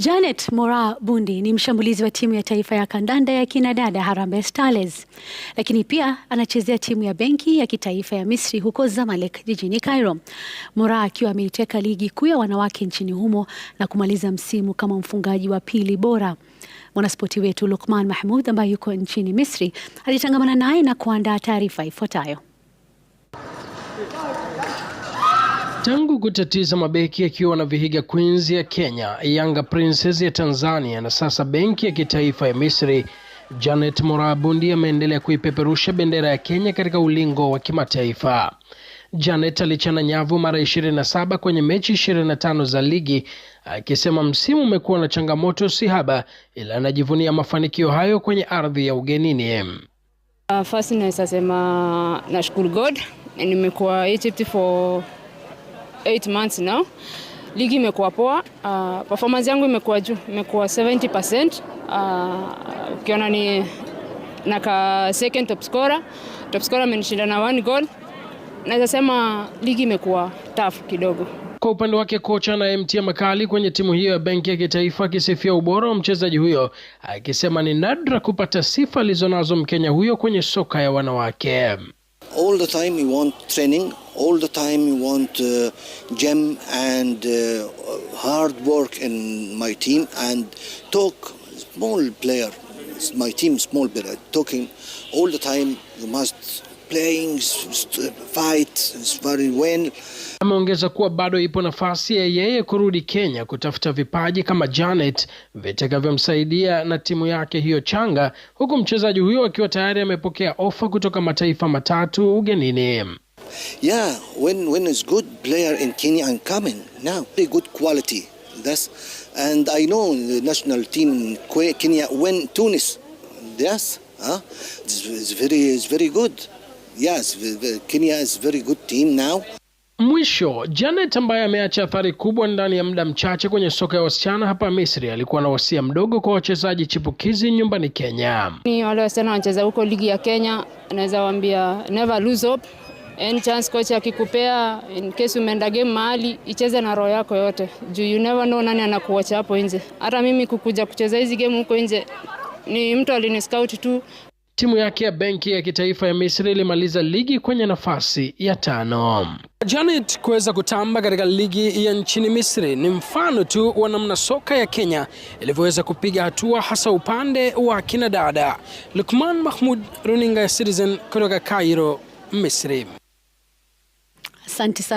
Janet mora Bundi ni mshambulizi wa timu ya taifa ya kandanda ya kinadada Harambee Starlets, lakini pia anachezea timu ya benki ya kitaifa ya Misri huko Zamalek jijini Cairo. mora akiwa ameiteka ligi kuu ya wanawake nchini humo na kumaliza msimu kama mfungaji wa pili bora. Mwanaspoti wetu Lukman Mahmud ambaye yuko nchini Misri alitangamana naye na kuandaa taarifa ifuatayo. Tangu kutatiza mabeki akiwa na Vihiga Queens ya Kenya, Yanga Princess ya Tanzania na sasa benki ya kitaifa ya Misri, Janet Morabundi ameendelea kuipeperusha bendera ya Kenya katika ulingo wa kimataifa. Janet alichana nyavu mara 27 kwenye mechi 25 za ligi akisema msimu umekuwa na changamoto si haba ila anajivunia mafanikio hayo kwenye ardhi ya ugenini. Uh, first naweza sema nashukuru God, nimekuwa Egypt for eight months now. Ligi imekuwa poa, uh, performance yangu imekuwa juu, imekuwa 70%. Uh, ah, ukiona ni naka second top scorer, top scorer amenishinda na one goal. Naweza sema ligi imekuwa tough kidogo. Kwa upande wake kocha na anayemtia makali kwenye timu hiyo ya benki ya kitaifa akisifia ubora wa mchezaji huyo akisema ni nadra kupata sifa alizonazo Mkenya huyo kwenye soka ya wanawake. all the time we want training, all the time we want uh, gym and uh, hard work in my team and talk small player, my team small player talking all the time. You must Ameongeza kuwa bado ipo nafasi ya yeye kurudi Kenya kutafuta vipaji kama Janet vitakavyomsaidia na timu yake hiyo changa, huku mchezaji huyo akiwa tayari amepokea ofa kutoka mataifa matatu ugenini. Yeah, when, when is good player in Kenya and coming now. Good quality. That's, and I know the national team in Kenya when Tunis. Yes, huh? It's, it's very, it's very good. Yes, the, the Kenya is very good team now. Mwisho, Janet ambaye ameacha athari kubwa ndani ya muda mchache kwenye soka ya wasichana hapa Misri alikuwa na wasia mdogo kwa wachezaji chipukizi nyumbani Kenya. Ni wale wasichana wanacheza huko ligi ya Kenya, anaweza waambia never lose hope. Any chance coach akikupea in case umeenda game mahali icheze na roho yako yote. Juu you never know nani anakuacha hapo nje. Hata mimi kukuja kucheza hizi game huko nje ni mtu alini scout tu Timu yake ya benki ya kitaifa ya Misri ilimaliza ligi kwenye nafasi ya tano. Janet kuweza kutamba katika ligi ya nchini Misri ni mfano tu wa namna soka ya Kenya ilivyoweza kupiga hatua hasa upande wa kinadada. Lukman Mahmud, runinga ya Citizen kutoka Cairo, Misri. Asante sana.